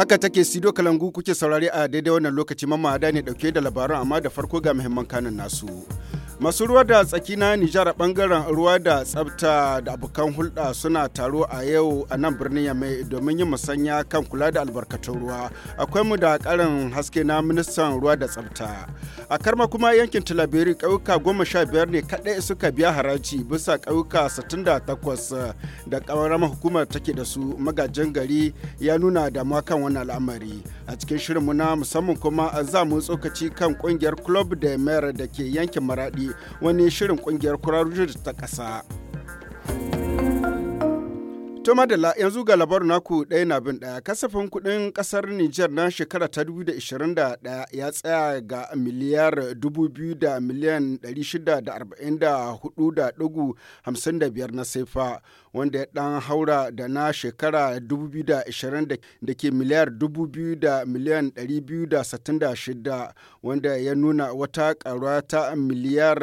Haka take Sido Kalangu kuke saurari a daidai wannan lokaci mamma ne dauke da labaran amma da farko ga muhimman kanun nasu. masu ruwa da tsaki na nijar a bangaren ruwa da tsabta da abokan hulɗa suna taro a yau a nan birnin yamai domin yin musanya kan kula da albarkatun ruwa akwai mu da karin haske na ministan ruwa da tsabta a karma kuma yankin talabiri ƙauyuka goma sha biyar ne kaɗai suka biya haraji bisa ƙauyuka sittin da takwas da ƙaramar hukumar take da su magajin gari ya nuna damuwa kan wannan al'amari a cikin shirinmu na musamman kuma za mu tsokaci kan ƙungiyar club de mer da ke yankin maraɗi wani shirin kungiyar kurarujo ta ƙasa. To madalla yanzu ga labarin naku ɗaya na bin ɗaya kasafin kuɗin ƙasar Nijar na shekara ta 2021 ya tsaya ga miliyar 2,644,55 da na saifa wanda ya ɗan haura da na shekara 2020 da ke miliyar 2,266 da wanda ya nuna wata ƙaruwa ta miliyar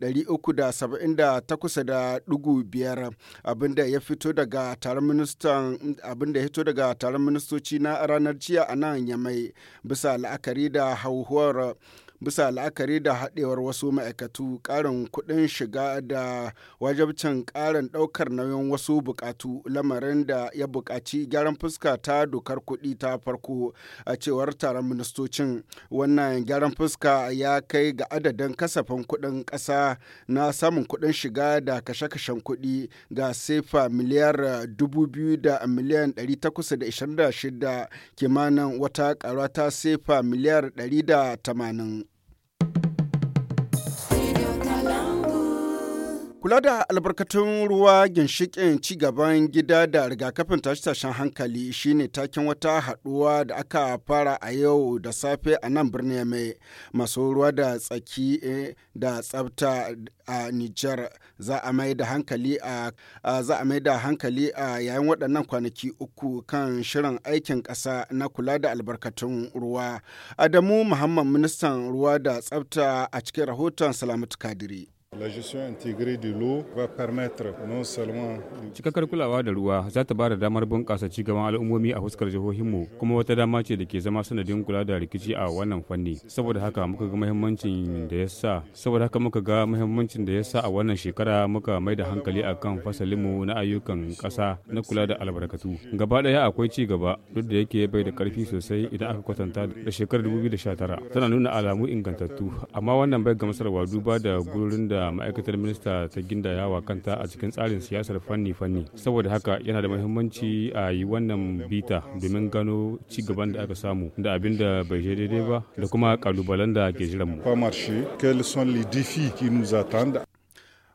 378.5 abinda ya fito daga taron ministan abin da ya hito daga taron ministoci na ranar jiya a nan yamai bisa la'akari da hauhuwar bisa la'akari da haɗewar wasu ma'aikatu ƙarin kuɗin shiga da wajabcin ƙarin ɗaukar nauyin wasu buƙatu lamarin da ya buƙaci gyaran fuska ta dokar kuɗi ta farko a cewar taron ministocin wannan gyaran fuska ya kai ga adadin kasafin kuɗin ƙasa na samun kuɗin shiga da kashe-kashen kuɗi ga sefa miliyar dubu biyu da miliyan ɗari takwas da ishirin da shida kimanin wata ƙara ta sefa miliyar ɗari da tamanin. Kula da albarkatun ruwa ginshikin cigaban gida da rigakafin tashe-tashen hankali shine takin wata haɗuwa da aka fara a yau da safe a nan birnin mai masu ruwa da tsaki eh, da tsabta a Nijar za a mai da hankali a mai da hankali a yayin waɗannan kwanaki uku kan shirin aikin ƙasa na kula da albarkatun ruwa. Adamu Muhammad ministan ruwa da tsabta a cikin rahoton Salamatu Kadiri. Cikakkar kulawa da ruwa za ta ba da damar bunƙasa gaban al'ummomi a fuskar jihohinmu kuma wata dama ce da ke zama sanadin kula da rikici a wannan fanni. Saboda haka muka ga muhimmancin da ya sa saboda haka muka ga muhimmancin da ya a wannan shekara muka mai da hankali akan fasalinmu na ayyukan ƙasa na kula da albarkatu. Gaba ɗaya akwai ci gaba duk da yake bai da ƙarfi sosai idan aka kwatanta da shekarar 2019 tana nuna alamu ingantattu amma wannan bai gamsarwa duba da gurin da ma'aikatar minista ta ginda wa kanta a cikin tsarin siyasar fanni-fanni saboda haka yana da muhimmanci a yi wannan bita domin gano ci gaban da aka samu da abin da bai je daidai ba da kuma kalubalen da ke jiranmu.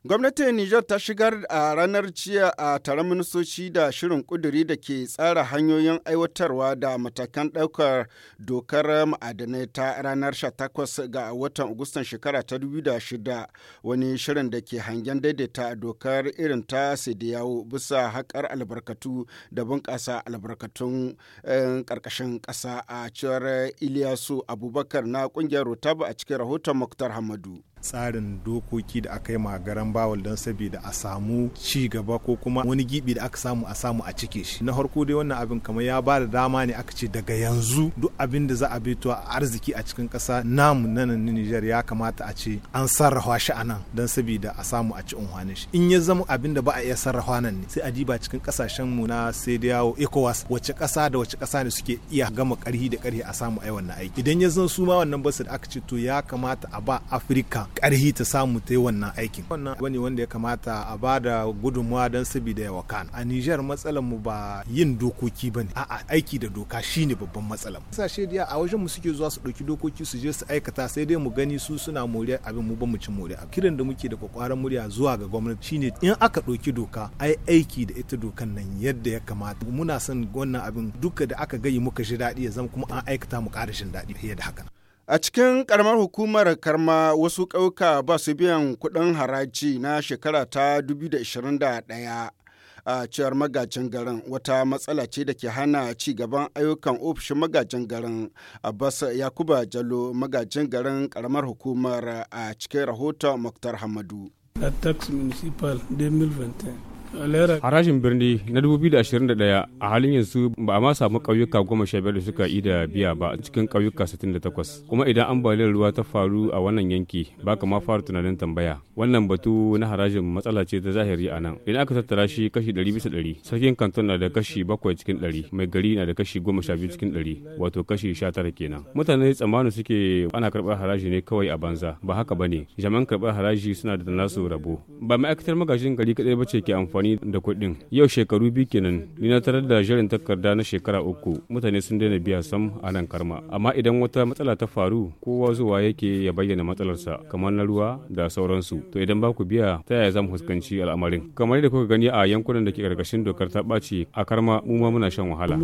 Gwamnatin Nijar ta shigar a ranar jiya a taron ministoci da shirin kuduri da ke tsara hanyoyin aiwatarwa da matakan ɗaukar dokar ma'adanai ta ranar 18 ga watan Agustan shekara ta shida wani shirin da ke hangen daidaita dokar irin ta yawo bisa haƙar albarkatu da bunƙasa albarkatun eh, ƙarƙashin ƙasa a cewar Iliyasu Abubakar na ƙungiyar rotabu a cikin rahoton Muktar Hamadu. tsarin dokoki da aka yi garan bawal don saboda a samu ci gaba ko kuma wani gibi da aka samu a samu a cike shi na harko dai wannan abin kamar ya ba da dama ne aka ce daga yanzu duk abin da za a beto a arziki a cikin kasa. namu na Nijar ya kamata a ce an sarrafa shi a nan don saboda a samu a ci unhwanin shi in ya zama abin da ba a iya sarrafa nan ne sai a diba cikin kasashen mu na sai da yawo ECOWAS wace kasa da wace kasa ne suke iya gama karhi da karhi a samu ai wannan aiki idan ya zan su ma wannan basu da aka ce to ya kamata a ba Afirka karhi ta samu ta yi wannan aikin wannan wani wanda ya kamata a ba da gudunmawa don sabida ya kan a nijar matsalar mu ba yin dokoki ba ne a'a aiki da doka shine babban matsalar mu sashe da a wajen mu suke zuwa su ɗauki dokoki su je su aikata sai dai mu gani su suna moriya abin mu ba mu ci moriya kiran da muke da kwakwaran murya zuwa ga gwamnati shine in aka ɗauki doka ai aiki da ita dokan nan yadda ya kamata muna son wannan abin duka da aka gayi muka ji daɗi ya zama kuma an aikata mu ƙara jin daɗi fiye da haka A cikin karamar hukumar karma wasu ƙauka ba su biyan kuɗin haraji na shekara ta 2021 a cewar magajin garin wata matsala ce da ke hana ci gaban ayyukan ofishin magajin garin Abbas Yakuba Jalo magajin garin karamar hukumar a cikin rahoton Muktar Hamadu. A tax municipal Harajin birni na 2021 a halin yanzu ba a ma samu ƙauyuka goma sha biyar da suka yi da biya ba cikin ƙauyuka 68. Kuma idan an ambaliyar ruwa ta faru a wannan yanki ba ka ma fara tunanin tambaya. Wannan batu na harajin matsala ce ta zahiri a nan. Idan aka tattara shi kashi 100 bisa 100, sarkin kanton na da kashi 7 cikin 100, mai gari na da kashi 12 cikin 100, wato kashi 19 kenan. Mutane tsammani suke ana karɓar haraji ne kawai a banza, ba haka ba ne. Jaman karɓar haraji suna da nasu rabo. Ba ma'aikatar magajin gari kaɗai ba ke amfani amfani da kuɗin yau shekaru biyu kenan ni na tarar da jerin takarda na shekara uku mutane sun daina biya sam a nan karma amma idan wata matsala ta faru kowa zuwa yake ya bayyana matsalarsa kamar na ruwa da sauransu to idan ba ku biya ta yaya za mu fuskanci al'amarin kamar da kuka gani a yankunan da ke karkashin dokar ta ɓaci a karma mu ma muna shan wahala.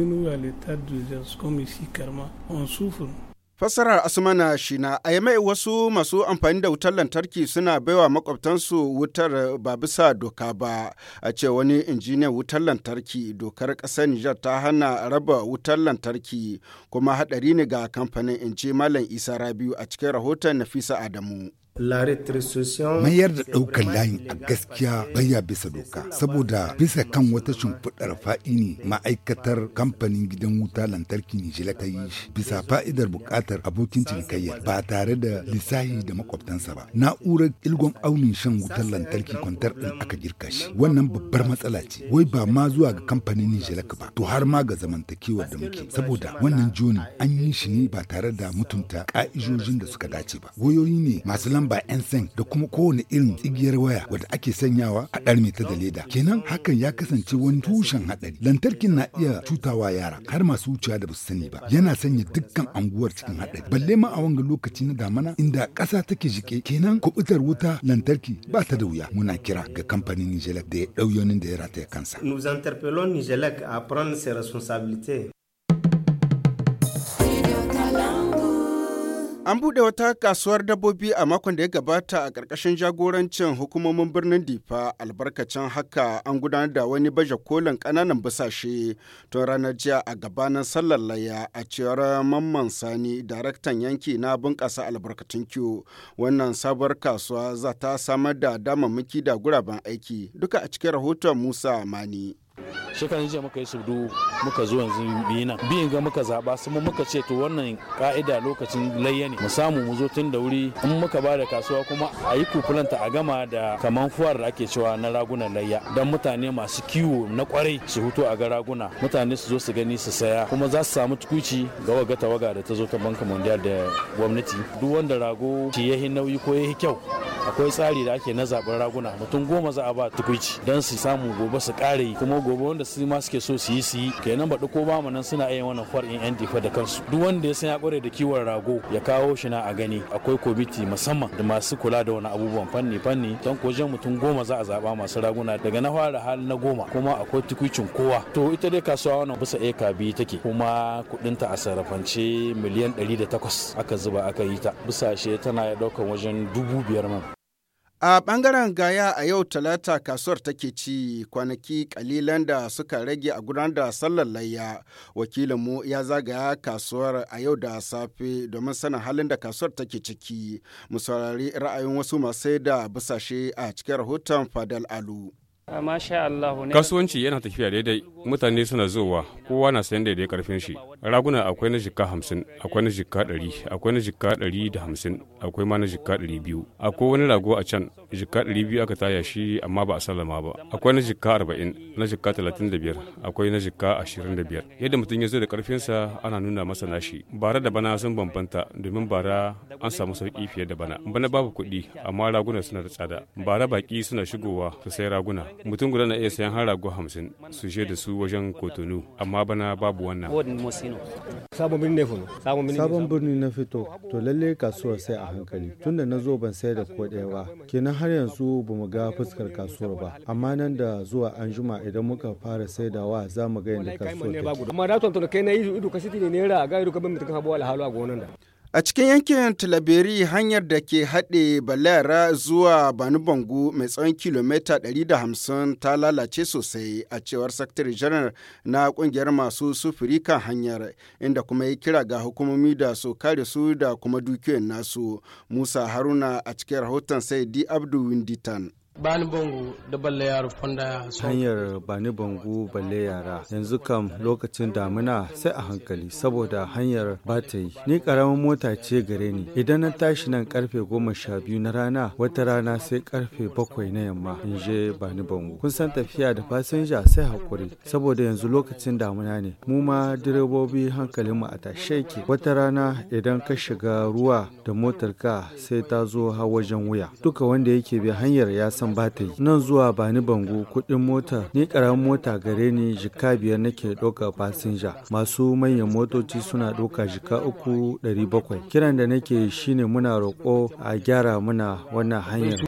Fassarar Asmana Shina a yamai wasu masu amfani da wutar lantarki suna baiwa makwabtansu wutar ba bisa doka ba a ce wani injiniyan wutar lantarki dokar ƙasar Nijar ta hana raba wutar lantarki kuma haɗari ne ga kamfanin in Malam Isa Rabiu a cikin rahoton Nafisa Adamu. Mayar da ɗaukar layin a gaskiya baya bisa doka, saboda bisa kan wata shimfiɗar fa'i ne ma'aikatar kamfanin gidan wuta lantarki Nijila ta yi shi bisa fa'idar buƙatar abokin cinikayyar ba tare da lissahi da makwabtansa ba. Na'urar ilgon aunin shan wutar lantarki kwantar ɗin aka girka shi. Wannan babbar matsala ce, wai ba ma zuwa ga kamfanin Nijila ba, to har ma ga zamantakewar da muke. Saboda wannan joni an yi shi ne ba tare da mutunta ƙa'ijojin da suka dace ba. Wayoyi ne masu lamba san da kuma kowane irin igiyar waya wadda ake sanyawa a ɗan ta da leda kenan hakan ya kasance wani tushen haɗari lantarki na iya cutawa yara har masu wucewa da basu sani ba yana sanya dukkan anguwar cikin haɗari balle ma a wanga lokaci na damana inda ƙasa take jike kenan kubutar wuta lantarki ba ta da wuya muna kira ga kamfanin Nijelak da ya ɗauyonin da ya rataya kansa. Nous interpellons Nijelak à prendre ses responsabilités. An buɗe wata kasuwar dabbobi a makon da ya gabata a ƙarƙashin jagorancin hukumomin birnin Difa albarkacin haka an gudanar da wani baje kolin ƙananan busashe tun ranar jiya a gabanin sallar laya a cewar Mamman Sani daraktan yanki na bunƙasa albarkatun kiwo. Wannan sabuwar kasuwa za ta samar da damammaki da guraben aiki duka a cikin rahoton Musa Mani. shekaran jiya muka yi sudu muka zo yanzu biyu nan biyun ga muka zaba su muka ce to wannan ka'ida lokacin layya ne mu samu mu zo tun da wuri in muka ba da kasuwa kuma a yi kufulanta a gama da kaman fuwar da ake cewa na ragunan layya don mutane masu kiwo na kwarai su hutu a ga raguna mutane su zo su gani su saya kuma za su samu tukuci ga waga tawaga da ta zo ta banka mondial da gwamnati duk wanda rago ya yi nauyi ko yi kyau akwai tsari da ake na zaɓen raguna mutum goma za a ba tukuici don su samu gobe su ƙare yi kuma gobe wanda su ma suke so su yi su yi kenan baɗi ko ba mu nan suna iya wannan far in yan difa da kansu duk wanda ya san ya ƙware da kiwon rago ya kawo shi na a gani akwai komiti musamman da masu kula da wani abubuwan fanni fanni don ko jan mutum goma za a zaɓa masu raguna daga na fara hal na goma kuma akwai tukuicin kowa to ita dai kasuwa wannan bisa eka biyu take kuma kuɗinta a sarrafance miliyan ɗari takwas aka zuba aka yi ta bisa tana ya ɗaukan wajen dubu biyar man A ɓangaren gaya a yau talata kasuwar take ci kwanaki kalilan da suka rage a gudanar da sallar layya. Wakilinmu ya zagaya kasuwar a yau da safe domin sanin halin da kasuwar take ciki. Mu saurari ra'ayin wasu masu da busashe a cikin rahoton Fadal Alu. Ah, Kasuwanci yana tafiya daidai, mutane suna zowa, kowa na sayan daidai karfin shi. Raguna akwai na jikka hamsin, akwai na jikka ɗari, akwai na jikka ɗari da hamsin, akwai ma na jikka ɗari biyu. Akwai wani rago a can, jikka ɗari biyu aka taya shi amma ba a sallama ba. Akwai na jikka arba'in, na jikka talatin da biyar, akwai na jikka ashirin da biyar. Yadda mutum ya zo da karfinsa ana nuna masa nashi. Bara da bana sun bambanta domin bara an samu sauƙi fiye da bana. Bana babu kuɗi amma raguna suna da tsada. Bara baki suna shigowa su sai raguna. mutum guda na iya sayan har rago hamsin su je da su wajen kotonu amma bana babu wannan sabon birni na fito to lalle kasuwar sai a hankali tunda na zo ban sai da ko ɗaya ba kenan har yanzu ba mu ga fuskar kasuwar ba amma nan da zuwa an juma idan muka fara saidawa za mu ga yadda kasuwar amma da tuntuna kai na yi ido kasiti ne naira a ga ido ka bin mutum ka alhalu a gonan da A cikin yankin Talaberi hanyar da ke haɗe Balara zuwa Bani Bango mai tsawon kilomita 150 ta lalace sosai a cewar Sakatare Janar na ƙungiyar masu sufuri kan hanyar inda kuma ya kira ga hukumomi da su kare su da kuma dukiyoyin nasu. Musa Haruna a cikin rahoton sai Di Abdu Winditan. Bani bango da balle yaro fonda Hanyar bani bango balle yara yanzu kam lokacin damuna sai a hankali saboda hanyar ba ta yi. Ni karamin mota ce gare ni idan na tashi nan karfe goma sha biyu na rana wata rana sai karfe bakwai na yamma in je bani bango. Kun san tafiya da fasinja sai hakuri saboda yanzu lokacin damuna ne mu ma direbobi hankalin mu a tashe yake wata rana idan ka shiga ruwa da motarka sai ta zo ha wajen wuya duka wanda yake bi hanyar ya san san ba ta yi nan zuwa bani bango kuɗin mota ni ƙaramin mota gare ni jika biyar nake ɗauka fasinja masu manyan motoci suna ɗauka jika uku ɗari bakwai kiran da nake shine muna roƙo a gyara muna wannan hanyar.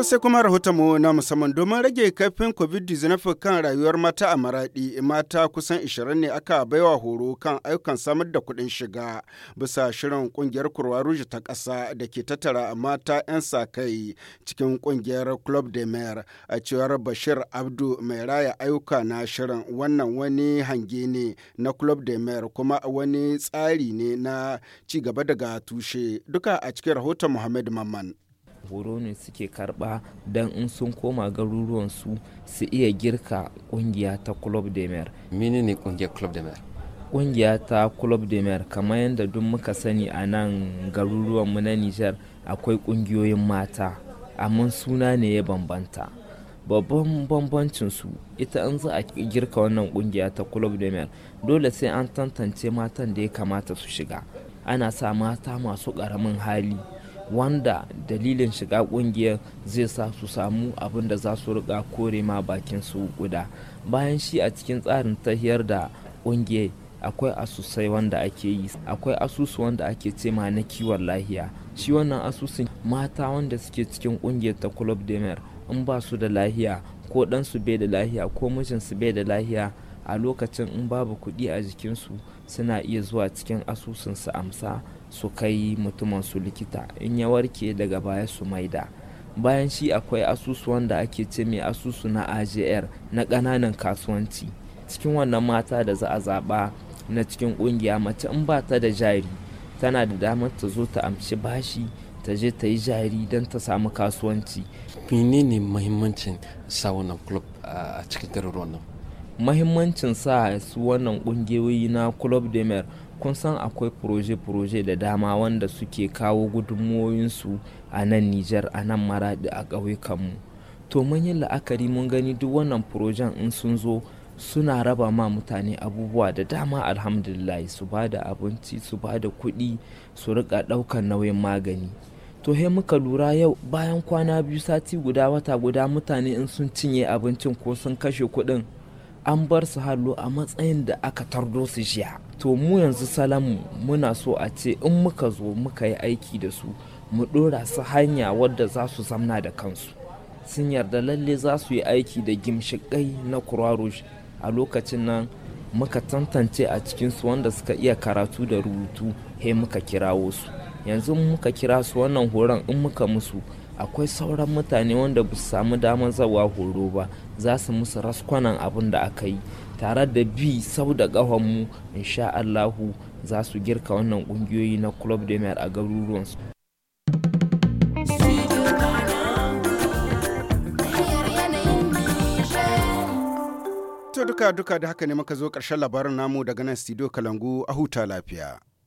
To sai kuma mu na musamman domin rage kafin COVID-19 kan rayuwar mata a Maraɗi, mata kusan 20 ne aka baiwa horo kan ayyukan samar da kuɗin shiga bisa shirin ƙungiyar Kurwa ruji ta ƙasa da ke tattara mata 'yan sa-kai cikin ƙungiyar Club de Mer a cewar Bashir Abdu mai raya ayyuka na shirin wannan wani hange ne na Club de Mer kuma wani tsari ne na ci gaba daga tushe duka a cikin rahoton Muhammad Mamman. horo ne suke karba don in sun koma garuruwansu su iya girka kungiya ta club de mer mini ne kungiyar club de mer kungiya ta club de mer kamar yadda duk muka sani a nan garuruwanmu na niger akwai kungiyoyin mata amma suna ne ya bambanta babban bambancin su ita an za a girka wannan kungiya ta club de mer dole sai an tantance matan da ya kamata su shiga ana sa mata masu ƙaramin hali wanda dalilin shiga kungiyar zai sa su samu abin da za su rika kore ma bakin su guda bayan shi a cikin tsarin tahiyar da kungiyar akwai asusai wanda ake yi akwai asusu wanda ake ce ma na kiwon lahiya shi wannan asusun mata wanda suke cikin kungiyar ta club demer in ba su da lahiya ko dan su bai da lahiya ko mijin su bai da lahiya a lokacin in babu kuɗi a jikinsu suna iya zuwa cikin asusun su amsa su kai mutumin su likita in ya warke daga baya su maida bayan shi akwai asusuwan da ake ce mai asusu na ajr na ƙananan kasuwanci cikin wannan mata da za a zaɓa na cikin ƙungiya mace in ba ta da jari tana da damar ta zo ta amshi bashi ta je ta yi jari don ta samu kasuwanci ne mahimmancin sa wannan club a cikin garuruwan nan mahimmancin sa su wannan ƙungiyoyi na club de mer kun san akwai proje-proje da dama wanda suke kawo gudunmoyinsu a nan nijar a nan maradi a ƙauyukanmu to mun yi la'akari mun gani duk wannan projen in sun zo suna raba ma mutane abubuwa da dama alhamdulillah su ba da abinci su ba da kuɗi su rika ɗaukar nauyin magani to he muka lura yau bayan kwana biyu sati guda wata guda mutane in sun cinye abincin ko sun kashe kuɗin an bar su hallo a matsayin da aka tardo su jiya to mu yanzu salamu muna so a ce in muka zo muka yi aiki da su mu ɗora su hanya wadda za su zamna da kansu sun yarda lalle za su yi aiki da gimshiƙai na croix a lokacin nan muka tantance a cikin su wanda suka iya karatu da rubutu he muka kirawo su yanzu muka kira su wannan horon in muka musu akwai sauran mutane wanda ba samu damar zawa horo ba za su musu raskwanan abin da aka yi tare da bi sau da ƙahonmu insha allahu za su girka wannan ƙungiyoyi na club de mer a garuruwansu to duka duka da haka ne muka zo ƙarshen labarin namu daga nan studio kalangu a huta lafiya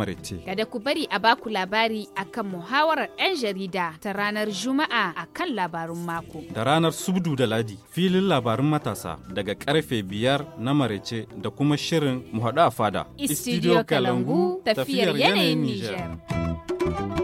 maraice. Kada ku bari a baku labari akan muhawarar 'yan jarida ta ranar Juma'a akan labarun mako. Da ranar Subdu da Ladi filin labarun matasa daga karfe biyar na maraice da kuma shirin mu a fada. Istidiyo Kalangu tafiyar yanayin Nijar.